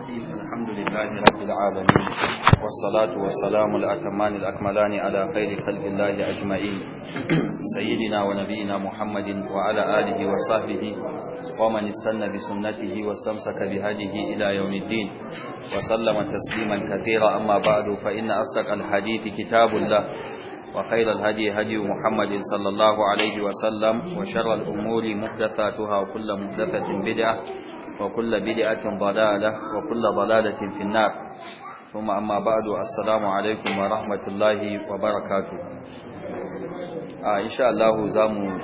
الرحيم الحمد لله رب العالمين والصلاة والسلام الأكمان الأكملان على خير خلق الله أجمعين سيدنا ونبينا محمد وعلى آله وصحبه ومن استنى بسنته واستمسك بهديه إلى يوم الدين وسلم تسليما كثيرا أما بعد فإن أصدق الحديث كتاب الله وخير الهدي هدي محمد صلى الله عليه وسلم وشر الأمور محدثاتها وكل محدثة بدعة wa kulla bid'atin dalalah wa kulla dalalatin finnar thumma amma ba'du assalamu alaikum wa rahmatullahi wa barakatuh a insha Allah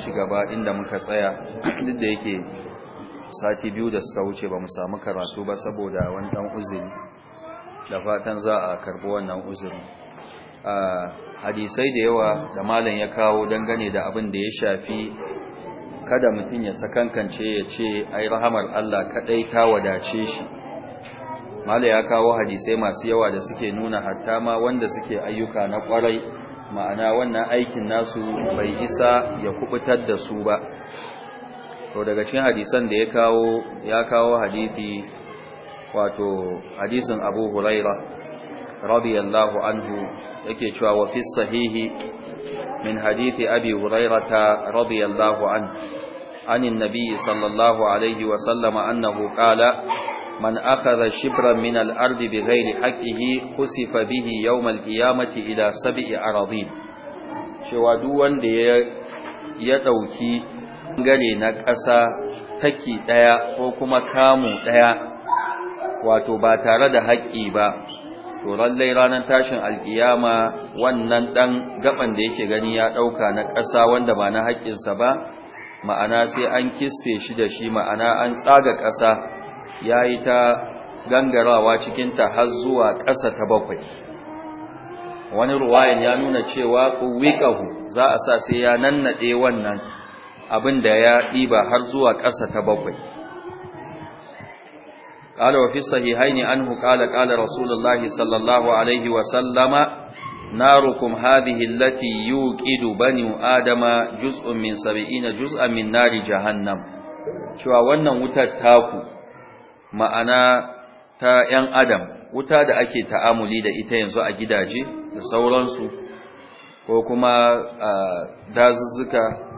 ci gaba inda muka tsaya duk da yake sati biyu da suka wuce ba mu samu karatu ba saboda wani dan uzuri da fatan za a karbi wannan uzuri a hadisai da yawa da malam ya kawo dangane da abin da ya shafi kada mutum ya sakankance ya ce ai rahamar Allah kadai ta wadace shi mala ya kawo hadisai masu yawa da suke nuna hatta ma wanda suke ayyuka na kwarai ma'ana wannan aikin nasu bai isa ya kubutar da su ba to daga cikin hadisan da ya kawo ya kawo hadisi wato hadisin Abu Huraira radiyallahu anhu yake cewa wafi sahihi min hadithi abi hurairata radiyallahu anhu an annabi sallallahu alayhi wa sallama annahu ƙala man akhadha shibran min al-ard bighayri haqqihi khusifa bihi yawm al-qiyamati ila sab'i aradin cewa duk wanda ya ɗauki dauki na ƙasa taki ɗaya ko kuma kamu ɗaya, wato ba tare da haƙƙi ba to lallai ranar tashin alkiyama wannan dan gaban da yake gani ya dauka na ƙasa wanda ba na haƙƙinsa ba ma'ana sai an kiste shi da shi ma'ana an tsaga ƙasa yayi ta gangarawa cikin ta har zuwa ƙasa ta bakwai wani ruwayan ya nuna cewa quwiqahu za a sa sai ya nannade wannan abin da ya ɗiba har zuwa ƙasa ta bakwai قال وفي الصحيحين عنه قال قال رسول الله صلى الله عليه وسلم ناركم هذه التي يوقد بني آدم جزء من سبعين جزءا من نار جهنم cewa wannan wuta taku ma'ana ta 'yan adam wuta da ake ta'amuli da ita yanzu a gidaje da sauransu ko kuma dazuzzuka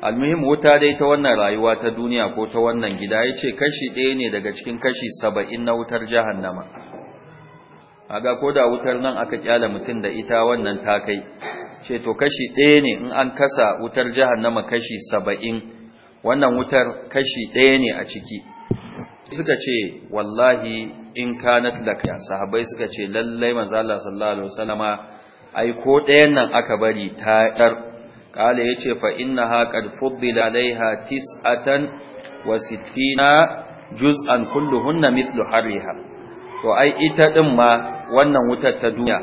almuhim wuta dai ta wannan rayuwa ta duniya ko ta wannan gida ya ce kashi ɗaya ne daga cikin kashi saba'in na wutar jahannama aga ko da wutar nan aka kyala mutum da ita wannan ta kai ce to kashi ɗaya ne in an kasa wutar jahannama kashi saba'in wannan wutar kashi ɗaya ne a ciki suka ce wallahi in kanat laka sahabai suka ce lallai manzo Allah sallallahu alaihi wasallama ai ko ɗayan nan aka bari ta dar قال يتي فإنها قد فضل عليها تسعة وستين جزءا كلهن مثل حرها وأي إتدم وانا وتت دنيا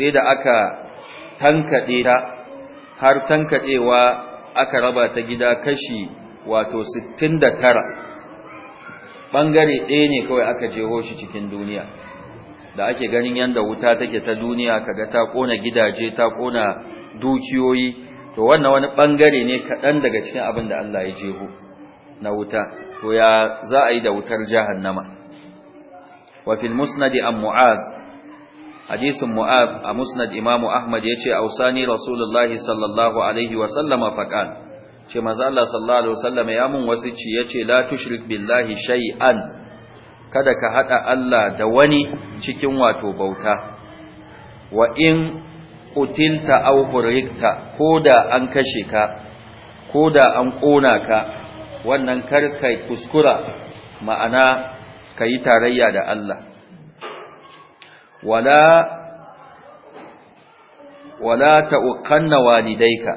سيدا أكا تنكدي har tankadewa aka raba ta gida kashi wato 69 bangare ɗaya ne kawai aka jeho shi cikin duniya da ake ganin yanda wuta take ta duniya kaga ta kona gidaje ta kona dukiyoyi to wannan wani bangare ne kaɗan daga cikin abin da Allah ya jeho na wuta to ya za a yi da wutar jahannama wa fil musnadi an mu'ad hadisin mu'ad a musnad imamu ahmad ya ce ausani rasulullahi sallallahu alaihi wa sallama faqan, ce manzo Allah sallallahu alaihi wa sallama ya mun wasici yace la tushrik billahi shay'an kada ka hada Allah da wani cikin wato bauta wa in Utilta aw hurikta koda an kashe ka koda an kona ka wannan karkai kuskura ma'ana kai tarayya da Allah wala wala taqanna walidayka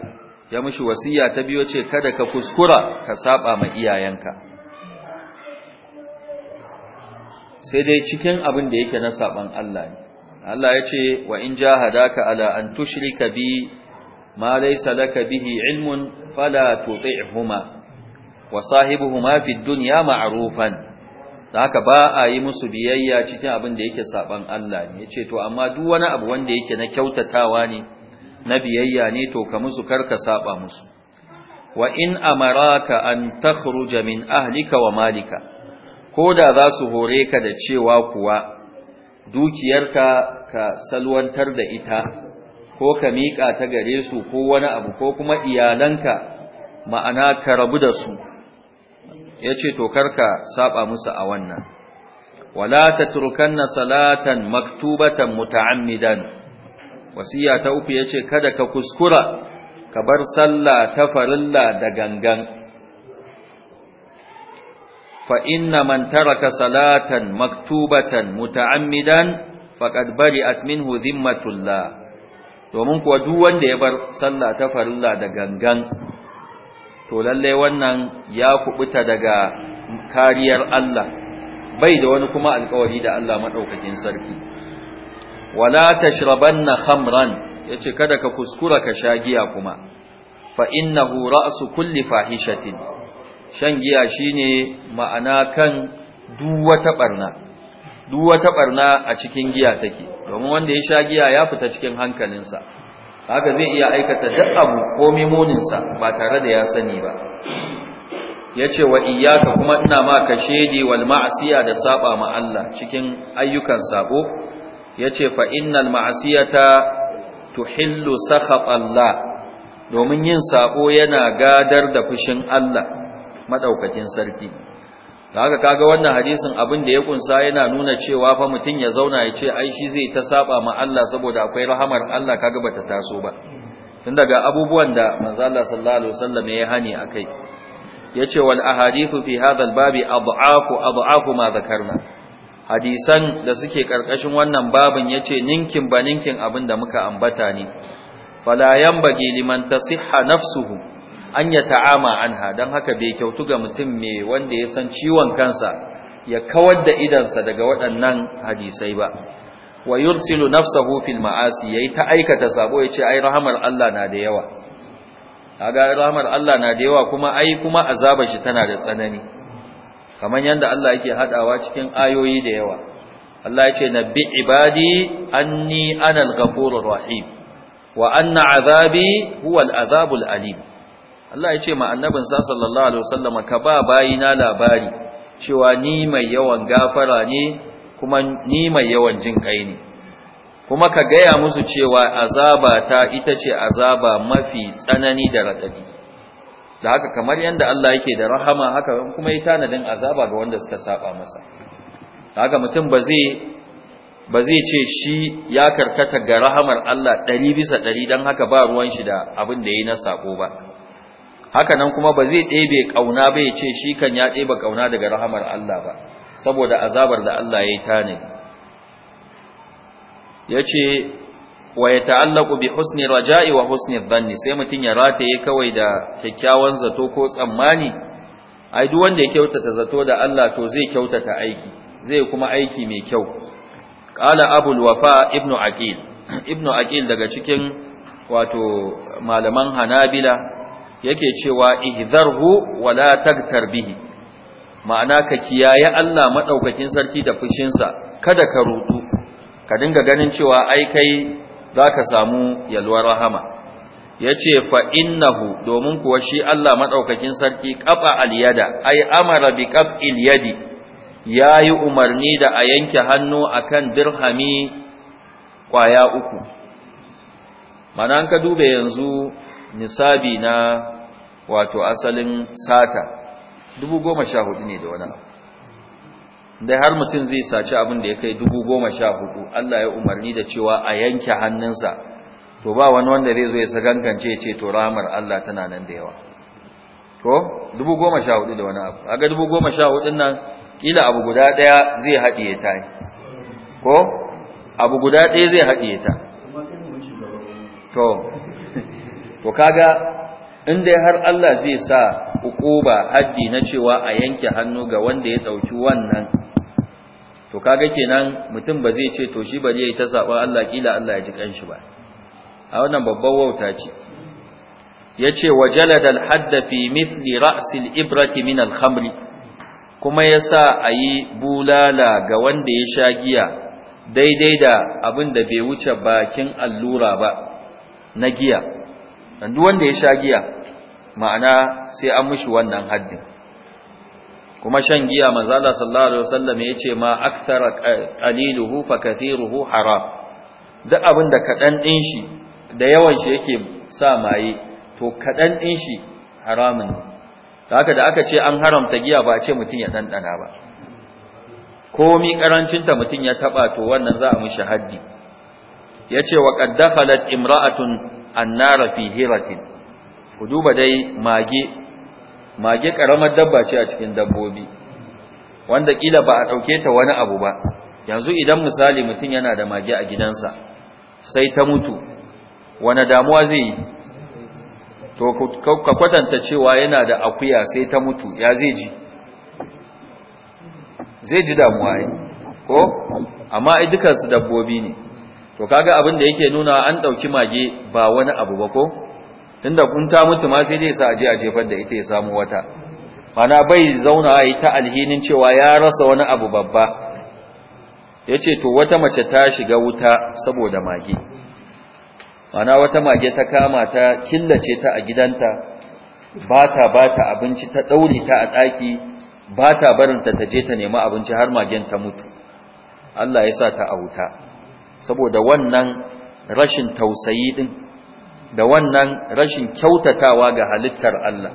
ya mushi wasiya ta biyo ce kada ka kuskura ka saba ma iyayenka sai dai cikin abin da yake na saban Allah ne Allah ya ce wa in jahadaka ala an tushrika bi ma laysa laka bihi ilmun fala tuti'huma wa sahibuhuma fid dunya ma'rufan haka ba a yi musu biyayya cikin abin da yake saban Allah ne yace to amma duk wani abu wanda yake na kyautatawa ne na biyayya ne to ka musu karka saba musu wa in amaraka an takhruja min ahlika wa malika koda za su hore ka da cewa kuwa dukiyarka ka salwantar da ita ko ka miƙa ta gare su ko wani abu ko kuma iyalanka ma'ana ka rabu da su ya ce to karka saba musu a wannan wala tatrukanna salatan maktubatan muta'ammidan wasiya ta uku yace kada ka kuskura ka bar sallah ta farilla da gangan Fa'inna inna man salatan maktubatan muta'ammidan faqad bari'at minhu dhimmatullah domin kuwa duk wanda ya bar sallah ta farilla da gangan to lallai wannan ya kubuta daga kariyar Allah bai da wani kuma alƙawari da Allah madaukakin sarki wala tashrabanna khamran yace kada ka kuskura ka sha giya kuma fa innahu ra'su kulli fahishatin shan giya shine ma'ana kan duk wata barna barna a cikin giya take domin wanda ya sha giya ya fita cikin hankalinsa haka zai iya aikata duk abu ko mimoninsa ba tare da ya sani ba yace wa iyyaka kuma ina ma ka shedi wal ma'asiya da saba ma Allah cikin ayyukan sabo ce, fa innal ma'asiyata tuhillu sakhat Allah domin yin sabo yana gadar da fushin Allah madaukakin sarki haka kaga wannan hadisin abin da ya kunsa yana nuna cewa fa mutun ya zauna ya ce ai shi zai ta saba ma Allah saboda akwai rahamar Allah kaga bata taso ba tun daga abubuwan da manzo Allah sallallahu alaihi wasallam ya hani akai yace wal ahadithu fi hadha al babi ad'afu ad'afu ma zakarna hadisan da suke karkashin wannan babin yace ninkin ba ninkin abin da muka ambata ne fala yanbaghi liman tasihha nafsuhu an ya ta'ama anha don haka bai kyautu ga mutum mai wanda ya san ciwon kansa ya kawar da idansa daga waɗannan hadisai ba wa yursilu nafsahu fil ma'asi yayi ta aikata sabo yace ai rahmar Allah na da yawa kaga rahamar Allah na da yawa kuma ai kuma azabar shi tana da tsanani kamar yanda Allah yake hadawa cikin ayoyi da yawa Allah yace nabbi ibadi anni anal ghafurur rahim wa anna azabi huwal azabul alim Allah ya ce ma sa, sallallahu alaihi wasallam ka ba bayina labari cewa ni mai yawan gafara ne kuma ni mai yawan jin kai ne kuma ka gaya musu cewa azaba ta ita ce azaba mafi tsanani da radadi da haka kamar yanda Allah yake da rahama haka kuma ya tanadin azaba ga wanda suka saba masa da haka mutum ba zai ba zai ce shi ya karkata ga rahamar Allah 100 bisa 100 dan haka ba ruwan shi da abin da yayi na sako ba haka nan kuma ba zai ɗebe ƙauna ba ya ce shi kan ya ɗebe ƙauna daga rahamar Allah ba saboda azabar da Allah ya yi ne. ya ce wa ya ta'allaku bi husni raja'i wa husni dhanni sai mutum ya rataye kawai da kyakkyawan zato ko tsammani ai duk wanda ya kyautata zato da Allah to zai kyautata aiki zai kuma aiki mai kyau ƙala abul wafa ibnu aqil ibnu aqil daga cikin wato malaman hanabila yake cewa ihzarhu wala tagtar bihi ma'ana ka kiyaye Allah madaukakin sarki da fushinsa kada ka rudu ka dinga ganin cewa ai kai zaka samu yalwar rahama yace fa innahu domin kuwa shi Allah madaukakin sarki qafa al-yada ai amara bi qaf'il yadi yayi umarni da a yanke hannu akan dirhami kwaya uku ma'ana ka dube yanzu nisabi na wato asalin sata dubu goma sha hudu ne da wani abu dai har mutum zai saci abin da ya kai dubu goma sha hudu Allah ya umarni da cewa a yanke hannunsa to ba wani wanda zai zo ya sagankance ya ce to ramar Allah tana nan da yawa ko dubu goma sha hudu da wani abu aga dubu goma sha hudun nan kila abu guda ɗaya zai haɗiye ta ko abu guda ɗaya zai haɗiye ta to to kaga in dai har Allah zai sa hukuba haddi na cewa a yanke hannu ga wanda ya dauki wannan to kaga kenan mutum ba zai ce to shi ba zai ta saba Allah kila Allah ya ji kanshi ba a wannan babban wauta ce yace wajalad al-hadd fi mithli ra's al-ibrati min al-khamr kuma yasa ayi bulala ga wanda ya sha giya daidai da abin da bai wuce bakin allura ba na giya dan wanda ya sha giya ma'ana sai an mushi wannan haddin kuma shan giya manzo Allah sallallahu alaihi wasallam ce ma akthara qaliluhu fa kathiruhu haram duk abin da kadan din shi da yawan shi yake sa maye to kadan din shi haramun da haka da aka ce an haramta giya ba a ce mutun ya dandana ba komi karancin ta mutun ya taba to wannan za a mushi haddi yace wa qad dakhalat imra'atun annara fi hiratin ku duba dai mage mage karamar dabba ce a cikin dabbobi wanda kila ba a dauke ta wani abu ba yanzu idan misali mutum yana da mage a gidansa sai ta mutu wani damuwa zai to ka kwatanta cewa yana da akuya sai ta mutu ya zai ji zai ji damuwa ko amma ai dukansu dabbobi ne to kaga abin da yake nuna an dauki mage ba wani abu ba ko tunda kun ta mutu ma sai dai sa aje a jefar da ita ya samu wata mana bai zauna yi ta alhinin cewa ya rasa wani abu babba yace to wata mace ta shiga wuta saboda mage mana wata mage ta kama ta killace ta a gidanta bata bata abinci ta daure ta a daki bata barin ta taje ta nemi abinci har magen ta mutu Allah ya sa ta a wuta saboda wannan rashin tausayi din da wannan rashin kyautatawa ga halittar Allah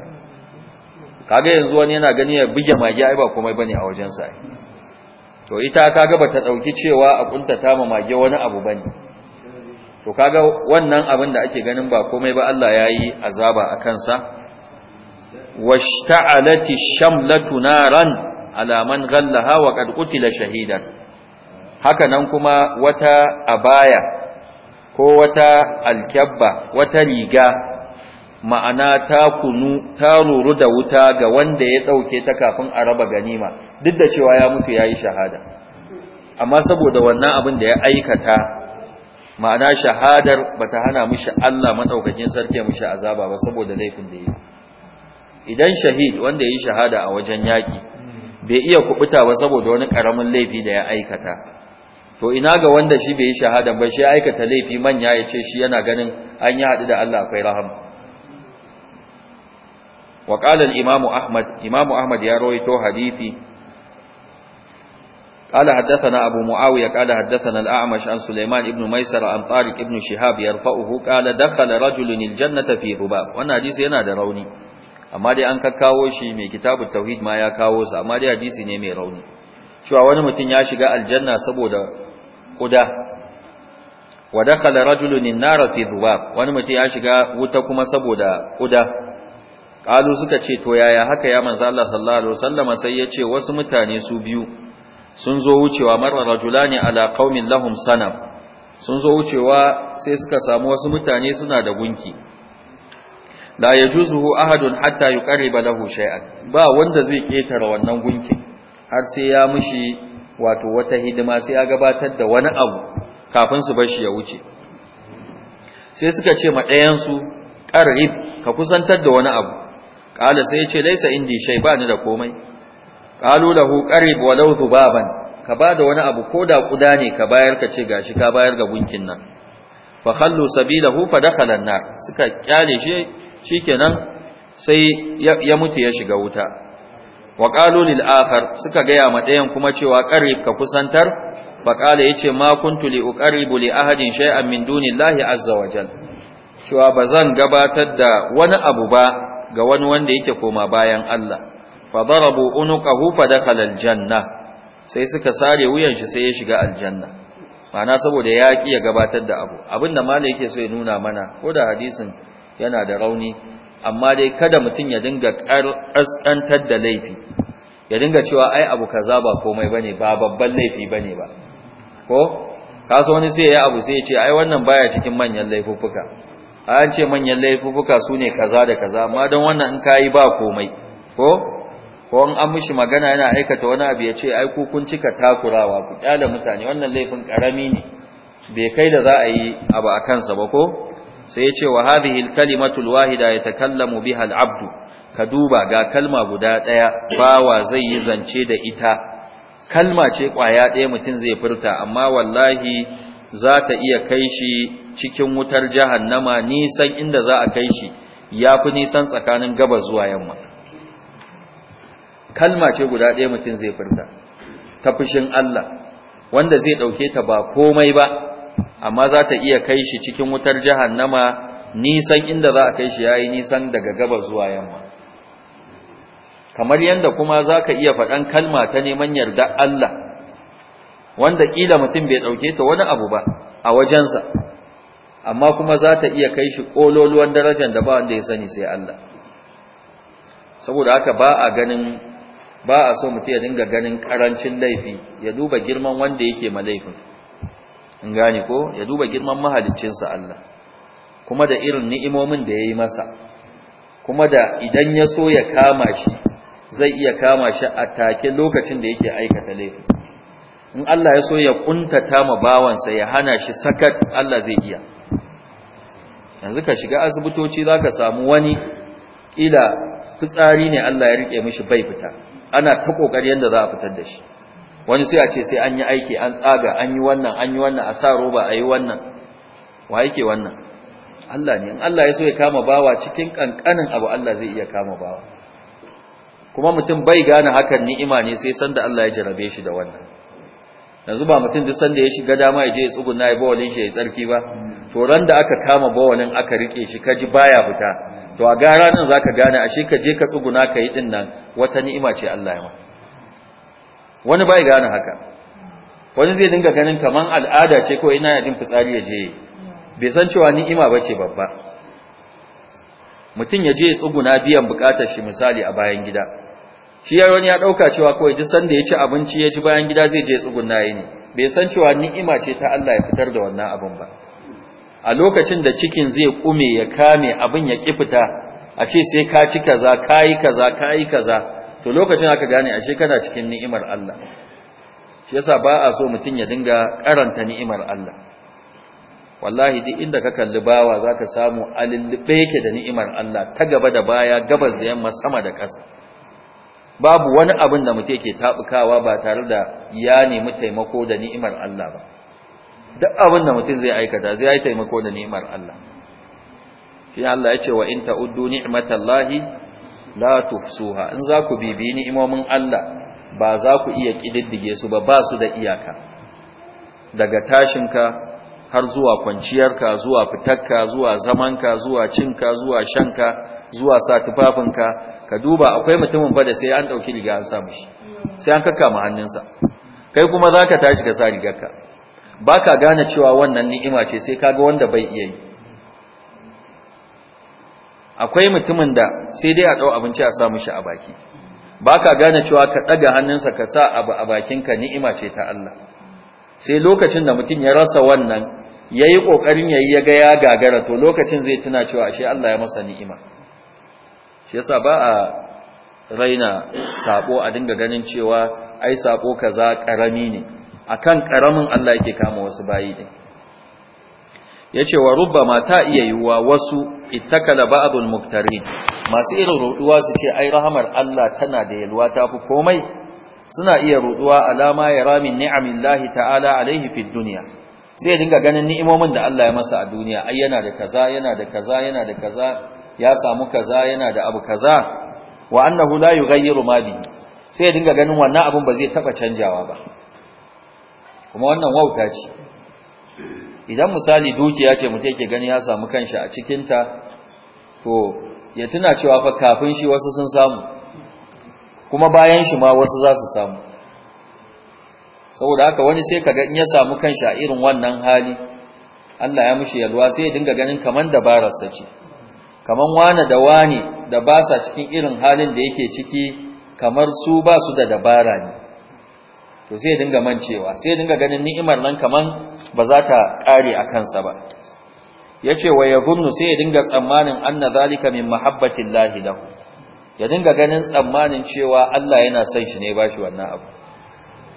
kaga yanzu wani yana gani ya buge mage ai ba komai bane a wajen sa to ita kaga bata dauki cewa a kuntata ma mage wani abu bane to kaga wannan abin da ake ganin ba komai ba Allah yayi azaba a kansa washta'alati shamlatu naran ala man ghallaha wa qad qutila shahidan haka nan kuma wata abaya ko wata alkyabba wata riga ma'ana ta kunu ta ruru da wuta ga wanda ya ɗauke ta kafin a raba ganima duk da cewa ya mutu ya yi shahada amma saboda wannan abin da ya aikata ma'ana shahadar bata hana mishi Allah maɗaukakin sarki mishi azaba ba saboda laifin da ya idan shahid wanda ya yi shahada a wajen yaƙi bai iya kubuta ba saboda wani ƙaramin laifi da ya aikata to ina ga wanda shi bai yi shahada ba shi aikata laifi manya ya ce shi yana ganin an yi haɗu da Allah akwai rahama wa qala al-imam ahmad imam ahmad ya rawaito hadisi قال حدثنا أبو معاوية قال حدثنا Suleiman Ibn Maisar ابن ميسر Ibn Shihab ابن شهاب يرفعه قال دخل رجل الجنة في ذباب Wannan hadisi yana da rauni amma dai an kakkawo shi mai kitabut tauhid ma ya kawo sa amma dai hadisi ne mai rauni cewa wani mutum ya shiga aljanna saboda kuda wa dakhala rajulun an-nar fi dhubab wani mutum ya shiga wuta kuma saboda kuda kalu suka ce to yaya haka ya manzo Allah sallallahu alaihi wasallam sai ya ce wasu mutane su biyu sun zo wucewa marra rajulani ala qaumin lahum sanab sun zo wucewa sai suka samu wasu mutane suna da gunki la yajuzuhu ahadun hatta yuqarriba lahu shay'an ba wanda zai ketara wannan gunkin har sai ya mushi. wato wata hidima sai ya gabatar da wani abu kafin su bar shi ya wuce sai suka ce ma ɗayansu ƙarrib ka kusantar da wani abu ƙala sai ya ce laisa indi shai ba ni da komai ƙalu lahu ƙarrib walau zubaban ka ba da wani abu ko da ƙuda ne ka bayar ka ce gashi ka bayar ga gunkin nan fa khallu sabilahu fa dakhala nar suka kyale shi shikenan sai ya mutu ya shiga wuta wa qalu lil akhar suka gaya ma ɗayan kuma cewa qarib ka kusantar fa qala yace ma kuntu li uqaribu li ahadin shay'an min dunillahi azza wa jal cewa bazan gabatar da wani abu ba ga wani wanda yake koma bayan Allah fa darabu unuqahu fa dakhala al janna sai suka sare wuyan shi sai ya shiga aljanna ma'ana saboda ya ki ya gabatar da abu abinda malai yake so ya nuna mana ko da hadisin yana da rauni amma dai kada mutum ya dinga ƙasƙantar da laifi ya dinga cewa ai abu kaza ba komai bane ba babban laifi bane ba ko kaso wani sai ya abu sai ya ce ai wannan baya cikin manyan laifuffuka an ce manyan laifuffuka sune kaza da kaza amma dan wannan in kai ba komai ko ko an an mishi magana yana aikata wani abu ya ce ai ku kun cika takurawa ku kyale mutane wannan laifin karami ne bai kai da za a yi abu a kansa ba ko sai ya ce wa hadhihi ya wahida yatakallamu biha Abd ka duba ga kalma guda daya bawa zai yi zance da ita kalma ce kwaya daya mutum zai furta amma wallahi za ta iya kai shi cikin wutar jahannama nisan inda za a kai shi yafi nisan tsakanin gabas zuwa yamma kalma ce guda daya mutum zai furta ta fushin Allah wanda zai dauke ta ba komai ba amma za ta iya kai shi cikin wutar jahannama nisan inda za a kai shi yayi nisan daga gabas zuwa yamma kamar yanda kuma zaka iya faɗan kalma ta neman yarda Allah wanda kila mutum bai ɗauke ta wani abu ba a wajensa amma kuma za ta iya kai shi kololuwan darajar da ba wanda ya sani sai Allah saboda haka ba a ganin ba a so mutum ya dinga ganin karancin laifi ya duba girman wanda yake ma laifin in gane ko ya duba girman sa Allah kuma da irin ni'imomin da ya yi masa kuma da idan ya so ya kama shi zai iya kama shi a take lokacin da yake aikata laifi in Allah ya so ya kuntata ma sa ya hana shi sakat Allah zai iya yanzu ka shiga asibitoci zaka samu wani ƙila fitsari ne Allah ya rike mishi bai fita ana ta ƙoƙari yadda za a fitar da shi wani sai a ce sai an yi aiki an tsaga an yi wannan an yi wannan a sa roba a yi wannan wa yake wannan Allah ne in Allah ya so ya kama bawa cikin kankanin abu Allah zai iya kama bawa kuma mutum bai gane hakan ni'ima ne sai sanda Allah ya jarabe shi da wannan yanzu ba mutum duk sanda ya shiga dama ya je ya tsuguna ya bawalin shi ya tsarki ba to ran da aka kama bawalin aka rike shi ka ji baya fita to a gara nan zaka gane ashe ka je ka tsuguna ka yi din nan wata ni'ima ce Allah ya maka wani bai gane haka wani zai dinga ganin kaman al'ada ce ko ina yajin fitsari ya je bai san cewa ni'ima bace babba mutum ya je tsuguna biyan bukatar shi misali a bayan gida shi ya wani ya dauka cewa kawai duk sanda ya ci abinci ya ci bayan gida zai je tsuguna yi ne bai san cewa ni'ima ce ta Allah ya fitar da wannan abin ba a lokacin da cikin zai kume ya kame abin ya kifita a ce sai ka ci kaza kayi kaza kayi kaza to lokacin aka gane ashe kana cikin ni'imar Allah shi yasa ba a so mutum ya dinga karanta ni'imar Allah wallahi duk inda ka kalli bawa zaka samu alilbe yake da ni'imar Allah ta gaba da baya gabas da yamma sama da ƙasa babu wani abin da mutum ke tabukawa ba tare da ya nemi taimako da ni'imar Allah ba duk abin da mutum zai aikata zai yi taimako da ni'imar Allah shi Allah ya ce wa in ta'uddu ni'matallahi la tuhsuha in za ku bibiyi ni'imomin Allah ba za ku iya kididdige su ba ba su da iyaka daga tashin ka har zuwa kwanciyarka zuwa fitarka zuwa zamanka zuwa cinka zuwa shanka zuwa sa tufafinka ka duba akwai mutumin fa da sai an dauki riga an sa mishi sai an mu hannunsa kai kuma zaka tashi ga sa rigarka baka gane cewa wannan ni'ima ce sai kaga wanda bai iya yi akwai mutumin da sai dai a ɗau abinci a sa mishi a baki ba ka gane cewa ka ɗaga hannunsa ka sa abu a bakinka ni'ima ce ta Allah sai lokacin da mutum ya rasa wannan ya yi ƙoƙarin ya yi ya ga ya gagara to lokacin zai tuna cewa ashe Allah ya masa ni'ima shi yasa ba a raina saƙo a dinga ganin cewa ai saƙo kaza ƙarami ne akan ƙaramin Allah yake kama wasu bayi ɗin Ya ce wa Rubba mata iya yiwuwa wasu ittakala ba'adul muktarin masu irin ruduwa su ce ai rahamar Allah tana da yalwa ta fi komai suna iya ruduwa alama ya ramin Lahi ta'ala alaihi fi dunya sai ya dinga ganin ni'imomin da Allah ya masa a duniya ai yana da kaza yana da kaza yana da kaza ya samu kaza yana da abu kaza wa annahu la yughayyiru ma bi sai ya dinga ganin wannan abun ba zai taba canjawa ba kuma wannan wauta ce idan misali dukiya ce mutum yake gani ya samu kanshi a cikinta to ya tuna cewa fa kafin shi wasu sun samu kuma bayan shi ma wasu za su samu saboda haka wani sai kaga in ya samu kanshi a irin wannan hali Allah ya mushi yalwa sai ya dinga ganin kaman dabararsa ce kaman wani da wani da ba sa cikin irin halin da yake ciki kamar su ba su da dabara ne to sai ya dinga mancewa sai ya dinga ganin ni'imar nan kaman ba za ta kare a kansa ba yace wa yadhunnu sai ya dinga tsammanin anna zalika min mahabbatillahi lahu ya dinga ganin tsammanin cewa Allah yana son shi ne bashi wannan abu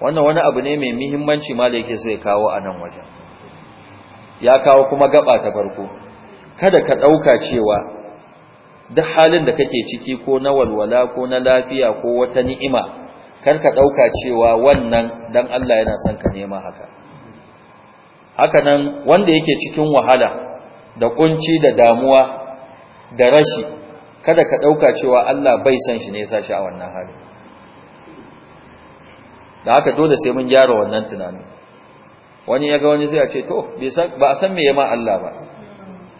wannan wani abu ne mai muhimmanci ma da yake so ya kawo a nan wajen ya kawo kuma gaba ta farko kada ka dauka cewa duk halin da kake ciki ko na walwala ko na lafiya ko wata ni'ima karka ɗauka cewa wannan dan Allah yana son ka nema haka haka nan wanda yake cikin wahala da kunci da damuwa da rashi kada ka ɗauka cewa Allah bai son shi ne sashi a wannan hali da haka dole sai mun gyara wannan tunanin wani ya ga wani zai ce to ba a san me yama Allah ba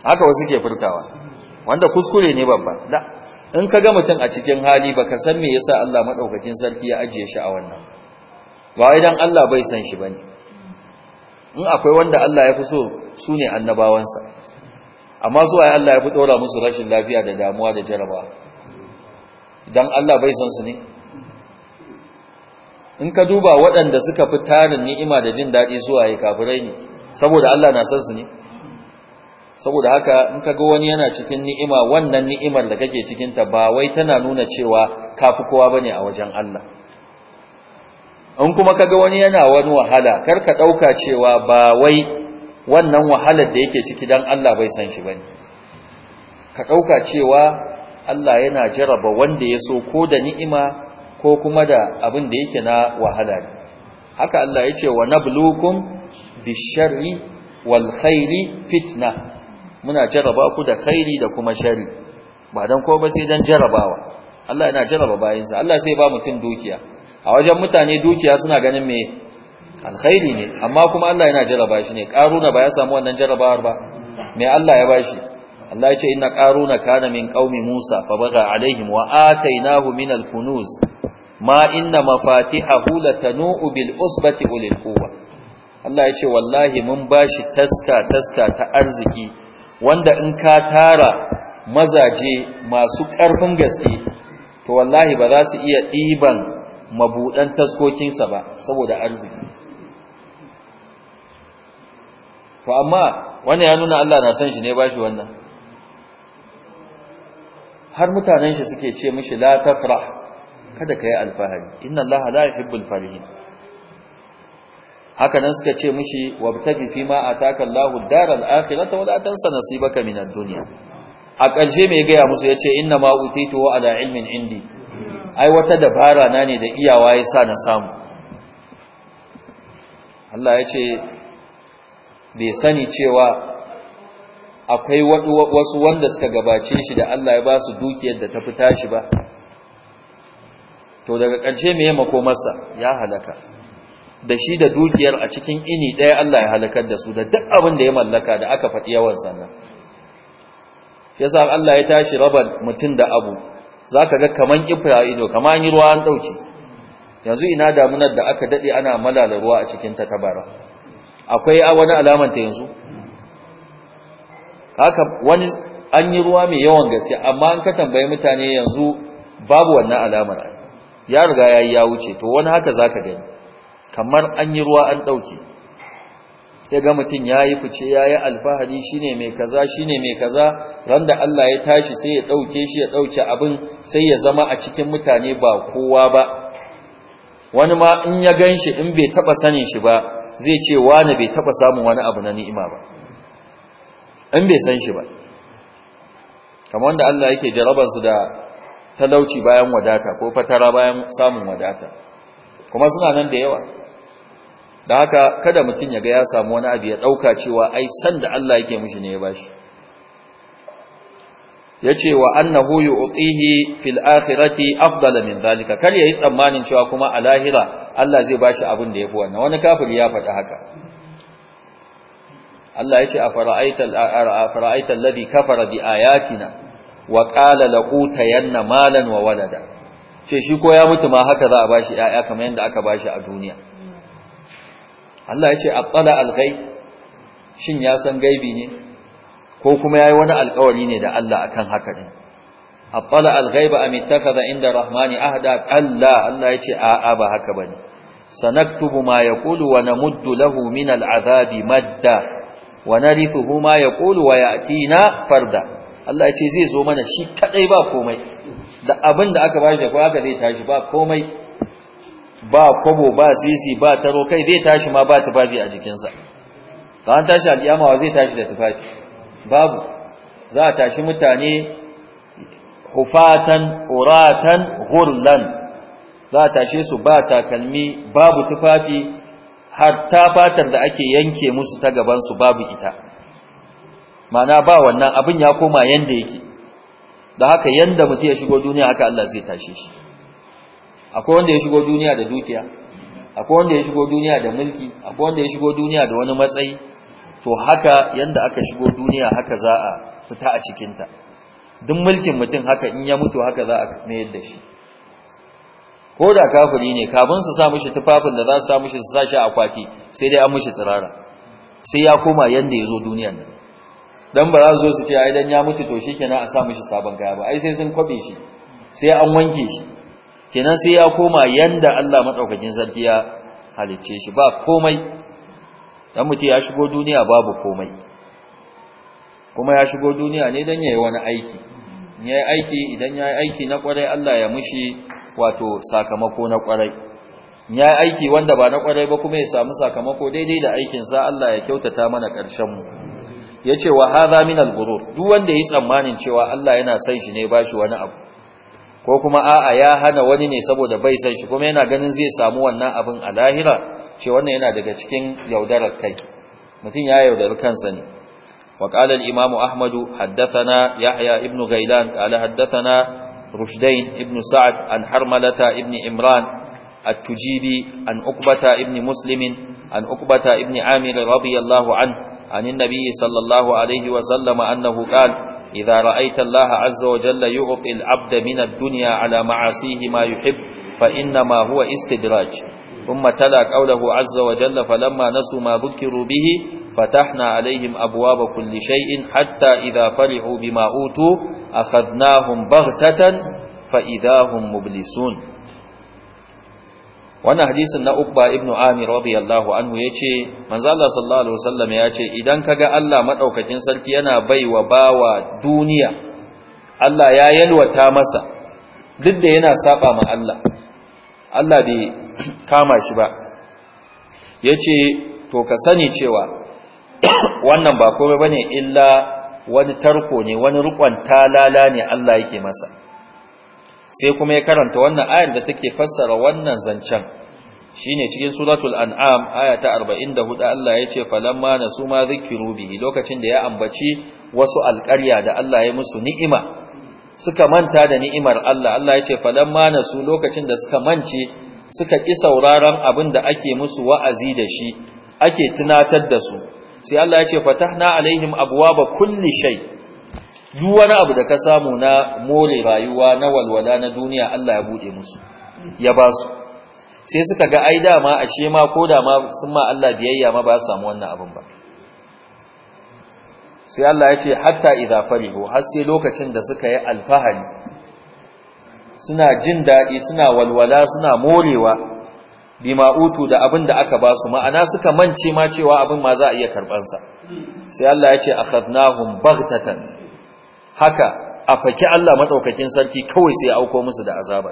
haka wasu ke furtawa wanda kuskure ne babba da in ka ga mutum a cikin hali baka san me yasa Allah madaukakin sarki ya ajiye shi a wannan ba wai dan Allah bai san shi bane in akwai wanda Allah ya fi so sune annabawansa amma zuwa ai Allah ya fi dora musu rashin lafiya da damuwa da jaraba dan Allah bai san su ne in ka duba waɗanda suka fi tarin ni'ima da jin daɗi zuwa ya kafirai ne saboda Allah na san su ne saboda haka in kaga wani yana cikin ni'ima wannan ni'imar da kake cikin ta ba wai tana nuna cewa kafi kowa bane a wajen Allah in kuma kaga wani yana wani wahala kar ka dauka cewa ba wai wannan wahalar da yake ciki dan Allah bai san shi bane ka dauka cewa Allah yana jaraba wanda ya so ko da ni'ima ko kuma da abin da yake na wahala haka Allah ya ce wa nablukum bisharri wal khairi fitna muna jarraba ku da khairi da kuma shari ba dan ko ba sai dan jarrabawa Allah yana jarraba bayinsa Allah sai ba mutum dukiya a wajen mutane dukiya suna ganin me alkhairi ne amma kuma Allah yana jarraba shi ne karuna ba ya samu wannan jarrabawar ba me Allah ya bashi Allah ya ce inna karuna kana min qaumi Musa fa baga alaihim wa atainahu min alkunuz ma inna mafatihahu latanu bil usbati ulil quwwa Allah ya ce wallahi mun bashi taska taska ta arziki wanda in ka tara mazaje masu ƙarfin gaske to wallahi ba za su iya ɗiban mabuɗan taskokinsa ba saboda arziki to amma wannan ya nuna Allah na san shi ne ba wannan har mutanen shi suke ce mishi la tafrah kada ka yi alfahari inna Allah la yuhibbul farihin haka nan suka ce mishi wabtaqi fi ma ataka Allahu daral akhirata wala tansa nasibaka ad dunya a ƙarshe mai gaya musu ya yace inna ma wa ala ilmin indi ai wata dabara na ne da iyawa ya sa na samu Allah ya ce bai sani cewa akwai wasu wanda suka gabace shi da Allah ya ba su dukiyar da ta fita shi ba to daga ƙarshe mai makomarsa masa ya halaka da shi da dukiyar a cikin ini ɗaya Allah ya halakar da su da duk abin da ya mallaka da aka faɗi yawan sannan sa Allah ya tashi raba mutum da abu ka ga kaman a ido kamar yi ruwa an dauke yanzu ina damunar da aka daɗe ana malala ruwa a cikin ta tabara akwai wani alamanta yanzu haka wani an yi ruwa mai yawan gaske amma an ka tambayi mutane yanzu babu wannan alamar ya riga ya yi ya wuce to wani haka za ka gani kamar an yi ruwa an ɗauke sai ga mutum ya yi fice ya yi alfahari shi ne mai kaza shi ne mai kaza randa Allah ya tashi sai ya ɗauke shi ya ɗauke abin sai ya zama a cikin mutane ba kowa ba wani ma in ya gan in bai taɓa sanin shi ba zai ce wani bai taɓa samun wani abu na ni'ima ba in bai san shi ba kamar wanda Allah yake su da talauci bayan wadata ko fatara bayan samun wadata kuma suna nan da yawa da haka kada mutum ya ga ya samu wani abu ya ɗauka cewa ai san da Allah yake mishi ne ya bashi ya ce wa annahu yu'tihi fil akhirati afdala min zalika kar yayi tsammanin cewa kuma a lahira Allah zai bashi abin da yafi wannan wani kafin ya faɗi haka Allah ya ce a fara'aita alladhi kafara bi ayatina wa qala laqutayanna malan wa walada ce shi ko ya mutu ma haka za a bashi 'ya'ya kamar yadda aka bashi a duniya Allah ya ce attala al-ghaib shin ya san gaibi ne ko kuma yayi wani alƙawari ne da Allah akan haka din attala al-ghaiba am ittakhadha inda rahmani ahda Allah Allah ya ce a'a ba haka bane sanaktubu ma yaqulu wa namuddu lahu min al-'adhabi madda wa narithuhu ma yaqulu wa ya'tina farda Allah ya ce zai zo mana shi kadai ba komai da abin da aka bashi da kuma aka zai tashi ba komai ba kwabo ba sisi ba taro kai zai tashi ma ba tufafi a jikinsa ka an tashi aliyama zai tashi da tufafi babu za a tashi mutane hufatan uratan hurlan za a tashi su ba takalmi babu tufafi har ta fatar da ake yanke musu ta gabansu babu ita mana ba wannan abin ya koma yanda yake da haka yanda mutu ya shigo duniya haka Allah zai tashe shi akwai wanda ya shigo duniya da dukiya akwai wanda ya shigo duniya da mulki akwai wanda ya shigo duniya da wani matsayi to haka yanda aka shigo duniya haka za a fita a cikinta duk mulkin mutum haka in ya mutu haka za a mayar da shi ko da kafiri ne kafin su sa mishi tufafin da za su sa mishi su sa shi akwati sai dai an mishi tsirara sai ya koma yanda ya zo duniyar nan dan ba za su zo su ce ai dan ya mutu to shikenan a sa mishi sabon kaya ba ai sai sun kwabe shi sai an wanke shi kenan sai ya koma yanda Allah madaukakin sarki ya halicce shi ba komai dan mutum ya shigo duniya babu komai kuma ya shigo duniya ne dan yayi wani aiki yayi aiki idan yayi aiki na kwarai Allah ya mushi wato sakamako na kwarai yayi aiki wanda ba na kwarai ba kuma ya samu sakamako daidai da aikin sa Allah ya kyautata mana karshen mu yace wa hadha min al-ghurur duk wanda yayi tsammanin cewa Allah yana son shi ne bashi wani abu ko kuma a'a ya hana wani ne saboda bai san shi kuma yana ganin zai samu wannan abin a lahira ce wannan yana daga cikin yaudarar kai mutum ya yaudari kansa ne wa qala al imamu ahmadu haddathana yahya ibn gailan qala haddathana rushdain ibn Sa'ad, an harmalata ibn imran at tujibi an uqbata ibn muslimin an uqbata ibn amir radiyallahu an an nabi sallallahu alayhi wa sallama annahu qala إذا رأيت الله عز وجل يعطي العبد من الدنيا على معاصيه ما يحب فإنما هو استدراج ثم تلا قوله عز وجل فلما نسوا ما ذكروا به فتحنا عليهم أبواب كل شيء حتى إذا فرحوا بما أوتوا أخذناهم بغتة فإذا هم مبلسون wannan hadisin na Uqba ibn Amir radiyallahu anhu yace manzo Allah sallallahu alaihi wasallam yace idan kaga Allah madaukakin sarki yana baiwa bawa duniya Allah ya yalwata masa duk da yana saba ma Allah Allah bai kama shi ba yace to ka sani cewa wannan ba komai bane illa wani tarko ne wani rukon talala ne Allah yake masa sai kuma ya karanta wannan ayar da take fassara wannan zancen shine cikin suratul an'am aya ta 44 Allah ya ce falamma su ma zikiru bihi lokacin da ya ambaci wasu alƙarya da Allah ya musu ni'ima suka manta da ni'imar Allah Allah ya ce falamma nasu lokacin da suka mance suka ki sauraron abin da ake musu wa'azi da shi ake tunatar da su sai Allah ya ce fatahna alaihim ba kulli shai. duk wani abu da ka samu na more rayuwa na walwala na duniya Allah ya bude musu ya ba su sai suka ga ai dama ashe ma ko da ma sun ma Allah biyayya ma ba su samu wannan abin ba sai Allah ya ce hatta idza farihu har sai lokacin da suka yi alfahari suna jin dadi suna walwala suna morewa bima utu da abin da aka ba su ma'ana suka mance ma cewa abin ma za a iya karban sa sai Allah ya ce akhadnahum baghtatan haka a faki Allah matsaukakin sarki kawai sai auko musu da azaba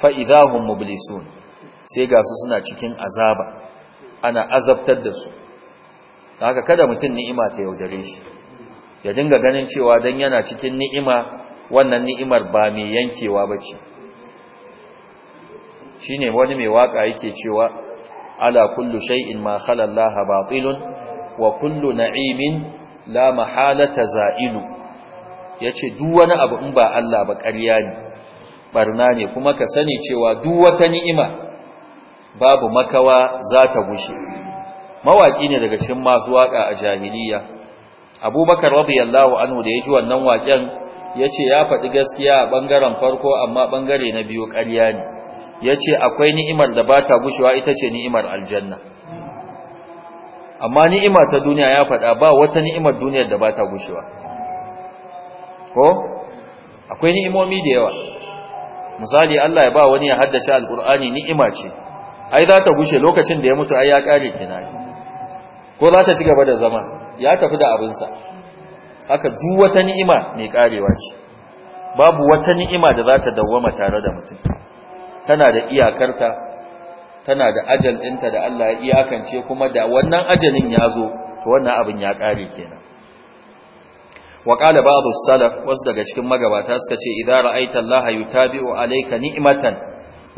fa idahum mublisun sai ga su suna cikin azaba ana azabtar da su haka kada mutum ni'ima ta yaudare shi ya dinga ganin cewa dan yana cikin ni'ima wannan ni'imar ba mai yankewa bace shine wani mai waka yake cewa ala kullu shay'in ma khala Allah batilun wa kullu na'imin la mahalata za'ilu Yace ce duk wani abu in ba Allah ba ƙarya ne barna ne kuma ka sani cewa duk wata ni'ima babu makawa za ta gushe mawaƙi ne daga cikin masu waka a jahiliya abubakar radiyallahu anhu da ya ji wannan waƙen yace ce ya faɗi gaskiya a ɓangaren farko amma ɓangare na biyu ƙarya ne Yace ce akwai ni'imar da ba ta gushewa ita ce ni'imar aljanna amma ni'ima ta duniya ya faɗa ba wata ni'imar duniyar da ba ta gushewa ko akwai ni'imomi da yawa misali Allah ya ba wani ya haddace alkur'ani ni'ima ce ai za ta gushe lokacin da ya mutu ai ya kare kina ko za ta ci gaba da zama ya tafi da abinsa haka duk wata ni'ima mai karewa ce babu wata ni'ima da za ta dawwama tare da mutum tana da iyakarta tana da ajal ɗinta da Allah ya iyakance kuma da wannan ajalin ya zo to wannan abin ya kare kenan wa qala babu salaf wasu daga cikin magabata suka ce idza ra'aita Allah yutabi'u alayka ni'matan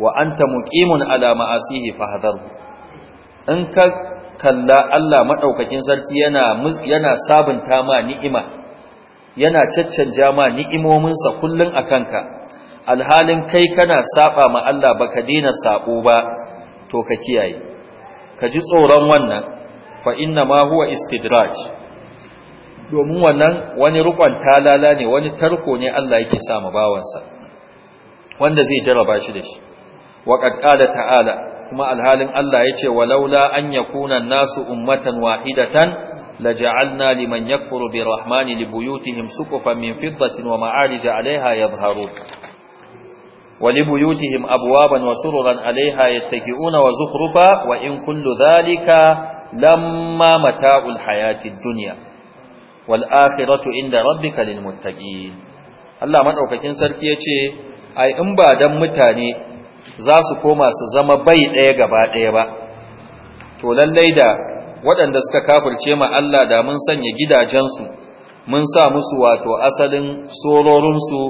wa anta muqimun ala ma'asihi fahdhar in ka kalla Allah madaukakin sarki yana yana sabunta ma ni'ima yana caccanja ma ni'imominsa kullun akanka alhalin kai kana saba ma Allah baka dina sabo ba to ka kiyaye ka ji tsoron wannan fa inna ma huwa istidraj domin wannan wani rukon talala ne wani tarko ne Allah yake sa bawansa wanda zai jaraba shi da shi waqad qala ta'ala kuma alhalin Allah yace walaula an yakuna nasu ummatan wahidatan laja'alna liman yakfuru birrahmani libuyutihim suqufan min fiddatin wa ma'arija 'alayha yadhharun sururan أبوابا yattaki'una wa يتكئون wa in kullu ذلك lamma mata'ul الحياة الدنيا wal akhiratu inda rabbika lil muttaqin Allah madaukakin sarki ya ce, ai in ba dan mutane za su koma su zama bai ɗaya gaba daya ba to lallai da waɗanda suka kafirce ma Allah da mun sanya gidajensu mun sa musu wato asalin sororinsu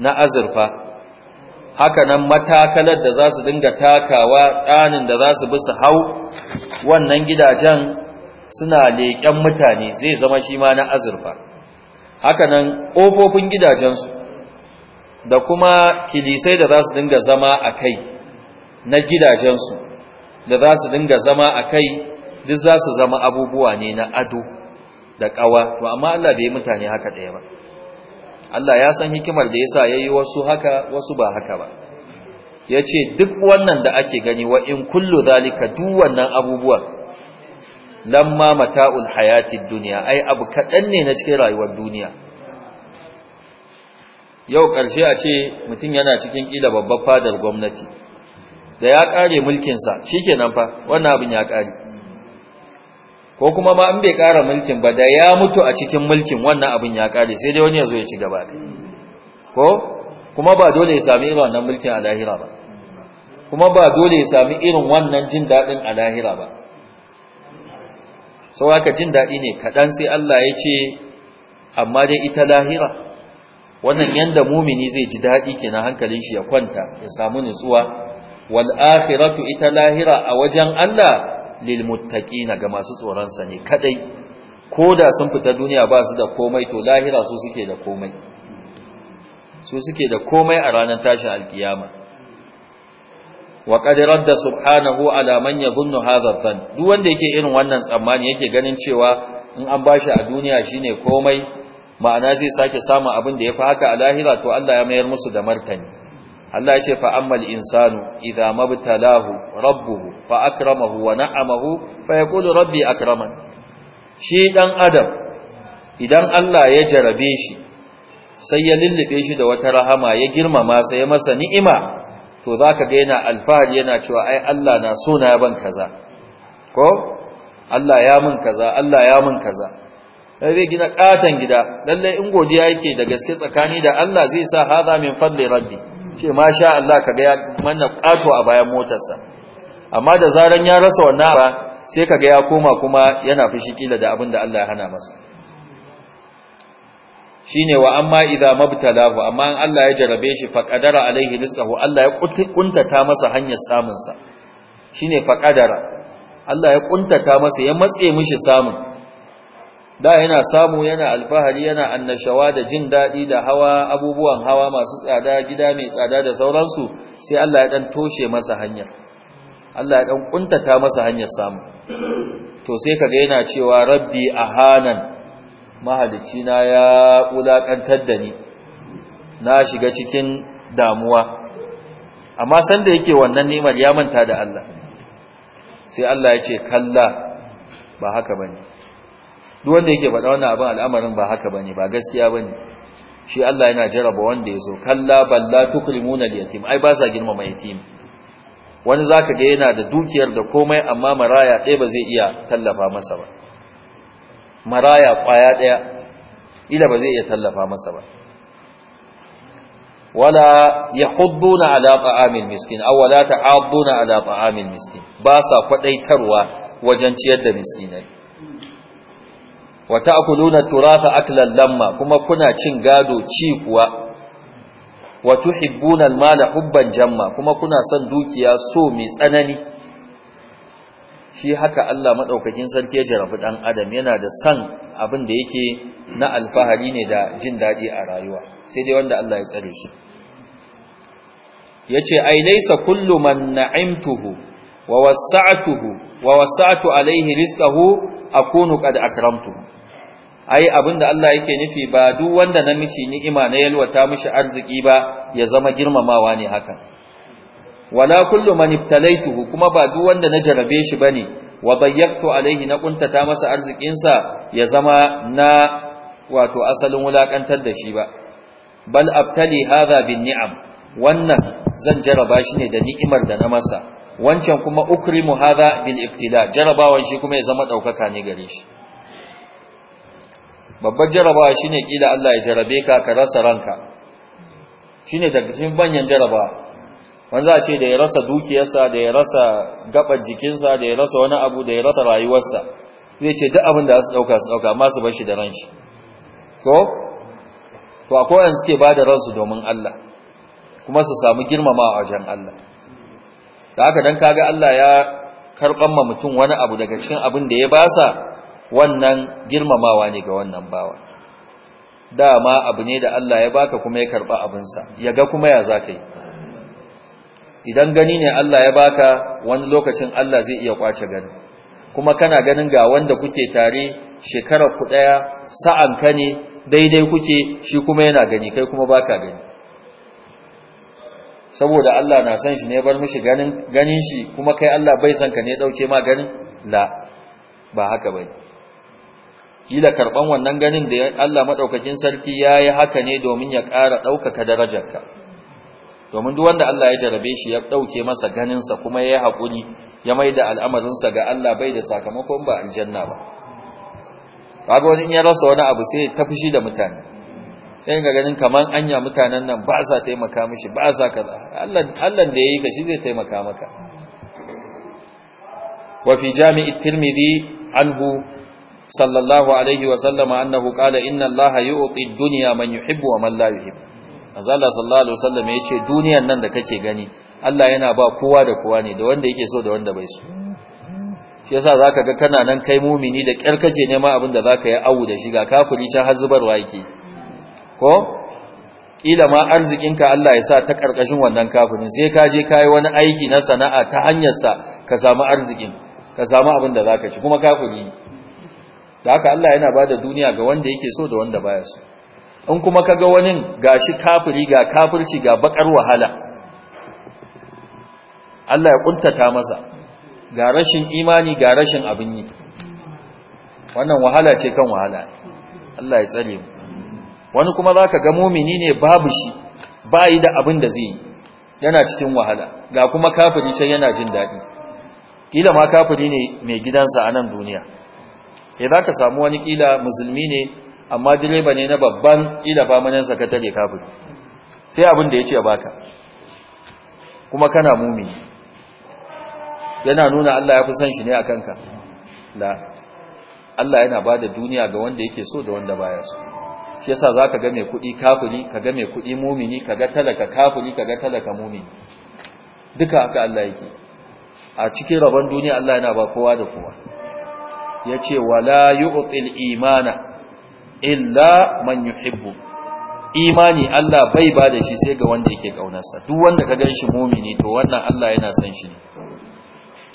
na azurfa haka nan matakalar da za su dinga takawa tsanin da za su bi su hau wannan gidajen suna leƙen mutane zai zama shi ma na azurfa Haka nan ƙofofin gidajensu da kuma kilisai da za su dinga zama a kai na gidajensu da za su dinga zama a kai duk za su zama abubuwa ne na ado da ƙawa to amma Allah bai mutane haka ɗaya ba Allah ya san hikimar da ya sa ya yi wasu haka wasu ba haka ba Ya ce duk wannan da ake gani wa in kullu zalika duk wannan abubuwan lamma mata'ul hayatid dunya ai abu kadan ne na cikin rayuwar duniya yau karshe a ce mutum yana cikin kila babbar fadar gwamnati da ya kare mulkin sa shikenan fa wannan abin ya kare ko kuma ma in bai kara mulkin ba da ya mutu a cikin mulkin wannan abin ya kare sai dai wani ya zo ya ci gaba ko kuma ba dole ya sami irin wannan mulkin a lahira ba kuma ba dole ya sami irin wannan jin dadin a lahira ba Sau haka jin daɗi ne kaɗan sai Allah ya ce amma dai ita lahira wannan yadda mumini zai ji daɗi kenan hankalin shi ya kwanta ya samu nutsuwa wal'afiratu ita lahira a wajen Allah lil na ga masu tsoronsa ne kaɗai ko da sun fita duniya ba su da komai to lahira su suke da komai su suke da komai a ranar tashin alkiyama wa qad subhanahu ala man yadhunnu hadha dhann duk wanda yake irin wannan tsammani yake ganin cewa in an bashi a duniya shine komai ma'ana zai sake samu abin da yafi haka a lahira to Allah ya mayar musu da martani Allah ya fa ammal insanu idha mabtalahu rabbuhu fa akramahu wa na'amahu fa yaqulu rabbi akraman shi dan adam idan Allah ya jarabe shi sai ya lullube shi da wata rahama ya girmama sai masa ni'ima to za ka ga yana alfahari yana cewa ai Allah na so na ban kaza ko Allah ya mun kaza Allah ya mun kaza zai gina katan gida lallai in godiya yake da gaske tsakani da Allah zai sa hada min fadli rabbi ce sha Allah kaga ya manna kato a bayan motarsa amma da zaran ya rasa wannan ba sai kaga ya koma kuma yana fushi kila da abin da Allah ya hana masa shine wa amma idza mabtalahu amma an Allah ya jarabe shi fa qadara alaihi rizqahu Allah ya kuntata masa hanyar samun sa shine fa qadara Allah ya kuntata masa ya matse mishi samun da yana samu yana alfahari yana annashawa da jin dadi da hawa abubuwan hawa masu tsada gida mai tsada da sauransu sai Allah ya dan toshe masa hanyar Allah ya dan kuntata masa hanyar samu to sai kaga yana cewa rabbi ahanan na ya wulaƙantar da ni na shiga cikin damuwa amma sanda yake wannan nemar ya manta da Allah sai Allah ya ce kalla ba haka bane duk wanda yake faɗa wannan abin al'amarin ba haka bane ba gaskiya bane shi Allah yana jaraba wanda ya zo kalla balla tukrimuna al-yatim ai ba sa mai yatim wani zaka ga yana da dukiyar da komai amma maraya ɗaya ba zai iya tallafa masa ba maraya kwaya daya ila ba zai iya tallafa masa ba wala yahudduna ala ta'amil miskin aw wala ta'adduna ala ta'amil miskin ba sa kwadaitarwa wajen ciyar da miskinai wa ta'kuluna turatha aklan lamma kuma kuna cin gado ci kuwa wa tuhibbuna al hubban jamma kuma kuna son dukiya so mai tsanani shi haka Allah madaukakin sarki ya jarabi dan adam yana da san abin da yake na alfahari ne da jin dadi a rayuwa sai dai wanda Allah ya tsare shi yace ai laysa kullu man na'imtuhu wa wasa'tuhu wa wasa'tu alayhi rizqahu akunu qad akramtuhu ai abinda Allah yake nufi ba duk wanda na mishi ni'ima na yalwata mishi arziki ba ya zama girmamawa ne haka wala kullu man ibtalaituhu kuma ba duk wanda na jarabe shi bane wa bayyaktu alaihi na kuntata masa arzikin sa ya zama na wato asalin wulakantar da shi ba bal abtali hadha bin ni'am wannan zan jaraba shi ne da ni'imar da na masa wancan kuma ukrimu hadha bil ibtila jarabawan shi kuma ya zama daukaka ne gare shi babbar jarabawa shine kila Allah ya jarabe ka ka rasa ranka shine daga cikin banyan jarabawa wani za ce da ya rasa dukiyarsa da ya rasa gabar jikinsa da ya rasa wani abu da ya rasa rayuwarsa zai ce duk abin da su dauka su dauka amma su bar shi da ranshi ko to a ko'yan suke ba da ransu domin Allah kuma su samu girmama a wajen Allah da haka dan kaga Allah ya karban ma mutum wani abu daga cikin abin da ya basa wannan girmamawa ne ga wannan bawa dama abu ne da Allah ya baka kuma ya karba abinsa ya ga kuma ya yi. idan gani ne Allah ya baka wani lokacin Allah zai iya kwace gani kuma kana ganin ga wanda kuke tare shekarar ku daya sa'an ka ne daidai kuke shi kuma yana gani kai kuma baka gani saboda Allah na san shi ne bar mishi ganin ganin shi kuma kai Allah bai san ka ne dauke ma ganin la ba haka bane kila karban wannan ganin da Allah madaukakin sarki yayi haka ne domin ya ƙara daukaka darajarka domin duk wanda Allah ya jarabe shi ya dauke masa ganinsa kuma ya yi haƙuri ya maida al'amarinsa ga Allah bai da sakamakon ba aljanna ba kaga wani in ya rasa wani abu sai ta fushi da mutane sai ga ganin kaman anya mutanen nan ba sa taimaka mishi ba sa kaza Allah Allah da yayi ka shi zai taimaka maka wa fi jami'i tirmidhi anhu sallallahu alaihi wa sallama annahu qala inna allaha yu'ti ad-dunya man yuhibbu wa man la yuhibbu azalla sallallahu alaihi wasallam ya ce duniyan nan da kake gani Allah yana ba kowa da kowa ne da wanda yake so da wanda bai so shi yasa zaka ga kana nan kai mumini da kyar ne ma abin da zaka yi awu da shi ga kafiri can har zubarwa yake ko kila ma arzikinka Allah ya sa ta karkashin wannan kafirin sai ka je kai wani aiki na sana'a ta hanyar sa ka samu arzikin ka samu abin da zaka ci kuma kuli da haka Allah yana bada duniya ga wanda yake so da wanda baya so in kuma kaga wani gashi kafiri ga kafirci ga bakar wahala Allah ya kuntata masa ga rashin imani ga rashin abin yi wannan wahala ce kan wahala Allah ya tsare mu wani kuma zaka ga mumini ne babu shi yi da abin da zai yi yana cikin wahala ga kuma kafiri can yana jin daɗi kila ma kafiri ne mai gidansa a nan duniya idan eh, ka samu wani kila musulmi ne amma direba ne na babban kila famanin sakatare kafin sai abin da ya ce baka kuma kana mumi yana nuna Allah ya fi son shi ne a kanka la Allah yana ba da duniya ga wanda yake so da wanda baya so shi yasa za ka ga mai kuɗi kafiri ka ga mai kuɗi mumini ka ga talaka kafiri ka ga talaka mumini duka haka Allah yake a cikin rabon duniya Allah yana ba kowa da kowa ya ce wala yu'til imana illa man yuhibbu imani Allah bai ba da shi sai ga wanda yake kaunarsa duk wanda ka ganshi mumini to wannan Allah yana san shi ne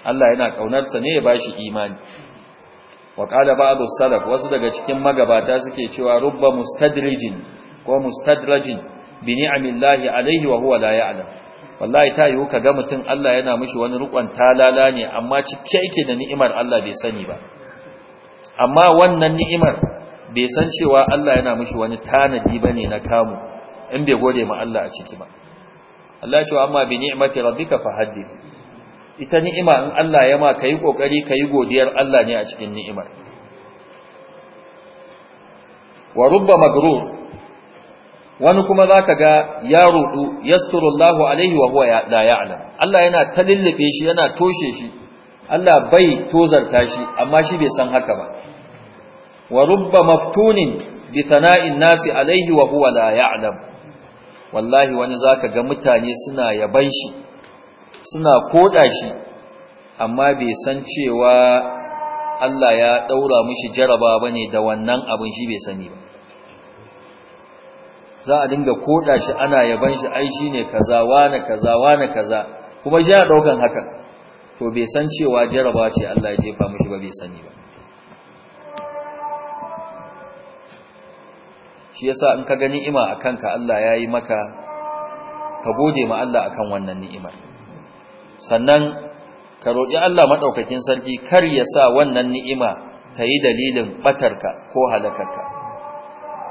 Allah yana kaunarsa ne ya bashi imani wa qala ba'd salaf wasu daga cikin magabata suke cewa rubba mustadrijin ko mustadrajin bi ni'amillahi alaihi wa huwa la ya'lam wallahi ta yiwu kaga mutum Allah yana mishi wani rukun talala ne amma cike yake da ni'imar Allah bai sani ba amma wannan ni'imar bai san cewa Allah yana mishi wani tanadi bane na kamu in bai gode ma Allah a ciki ba Allah cewa amma bi ni'mati rabbika fahaddith ita ni'ima in Allah ya ma kai kokari kai godiyar Allah ne a cikin ni'imar wa rubba magrur wani kuma zaka ga ya rudu yasturullahu alaihi wa huwa la ya'lam Allah yana talillife shi yana toshe shi Allah bai tozarta shi amma shi bai san haka ba wa rubba maftunin الناس عليه nasi alaihi wa والله وني زاكا wallahi wani zaka ga mutane suna yaban shi suna koda shi amma bai san cewa Allah ya daura mishi jaraba bane da wannan abin shi bai sani ba za a dinga koda shi ana yaban shi ai shine kaza wani kaza wani kaza kuma shi a daukan haka to bai san cewa jaraba ce Allah ya jefa mishi ba bai sani ba shi yasa in ka ga ni'ima a kanka Allah ya yi maka ka gode ma Allah akan wannan ni'imar sannan ka roƙi Allah maɗaukakin sarki kar ya sa wannan ni'ima ta yi dalilin ɓatarka ko halakarka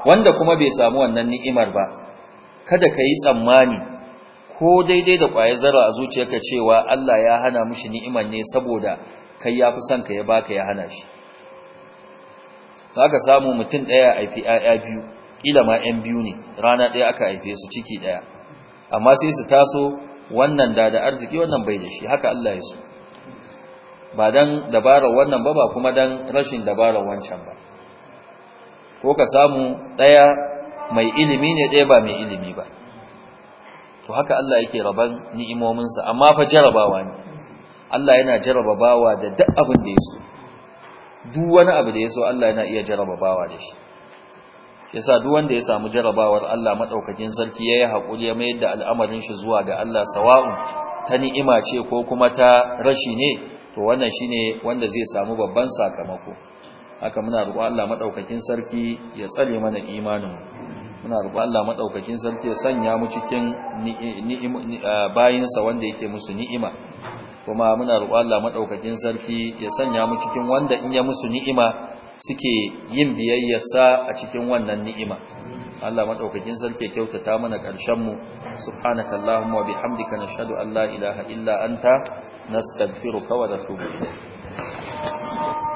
wanda kuma bai samu wannan ni'imar ba kada ka yi tsammani ko daidai da ƙwayar zara a zuciyarka cewa Allah ya hana mishi ni'imar ne saboda kai ya fi son ka ya baka ya hana shi za ka samu mutum ɗaya a fi ‘ya'ya biyu kila ma yan biyu ne rana ɗaya aka haife su ciki ɗaya amma sai su taso wannan da da arziki wannan bai da shi haka Allah ya so ba dan dabarar wannan ba ba kuma dan rashin dabarar wancan ba ko ka samu ɗaya mai ilimi ne ɗaya ba mai ilimi ba to haka Allah yake raban ni'imominsa amma fa jarabawa ne Allah yana jaraba da duk abin da ya so duk wani abu da ya so Allah yana iya jaraba da shi yasa duk wanda ya samu jarabawar Allah madaukakin sarki yayi hakuri ya mayar da al'amarin shi zuwa ga Allah sawa'un ta ni'ima ce ko kuma ta rashi ne to wannan shine wanda zai samu babban sakamako haka muna roƙon Allah madaukakin sarki ya tsare mana imanin muna roƙon Allah madaukakin sarki ya sanya mu cikin bayinsa wanda yake musu ni'ima kuma muna roƙon Allah madaukakin sarki ya sanya mu cikin wanda in ya musu ni'ima suke yin biyayyarsa a cikin wannan ni'ima Allah madaukakin sarki kyautata mana ƙarshen mu subhanakallahumma wa bihamdika nashhadu an la ilaha illa anta nastaghfiruka wa natubu ilayk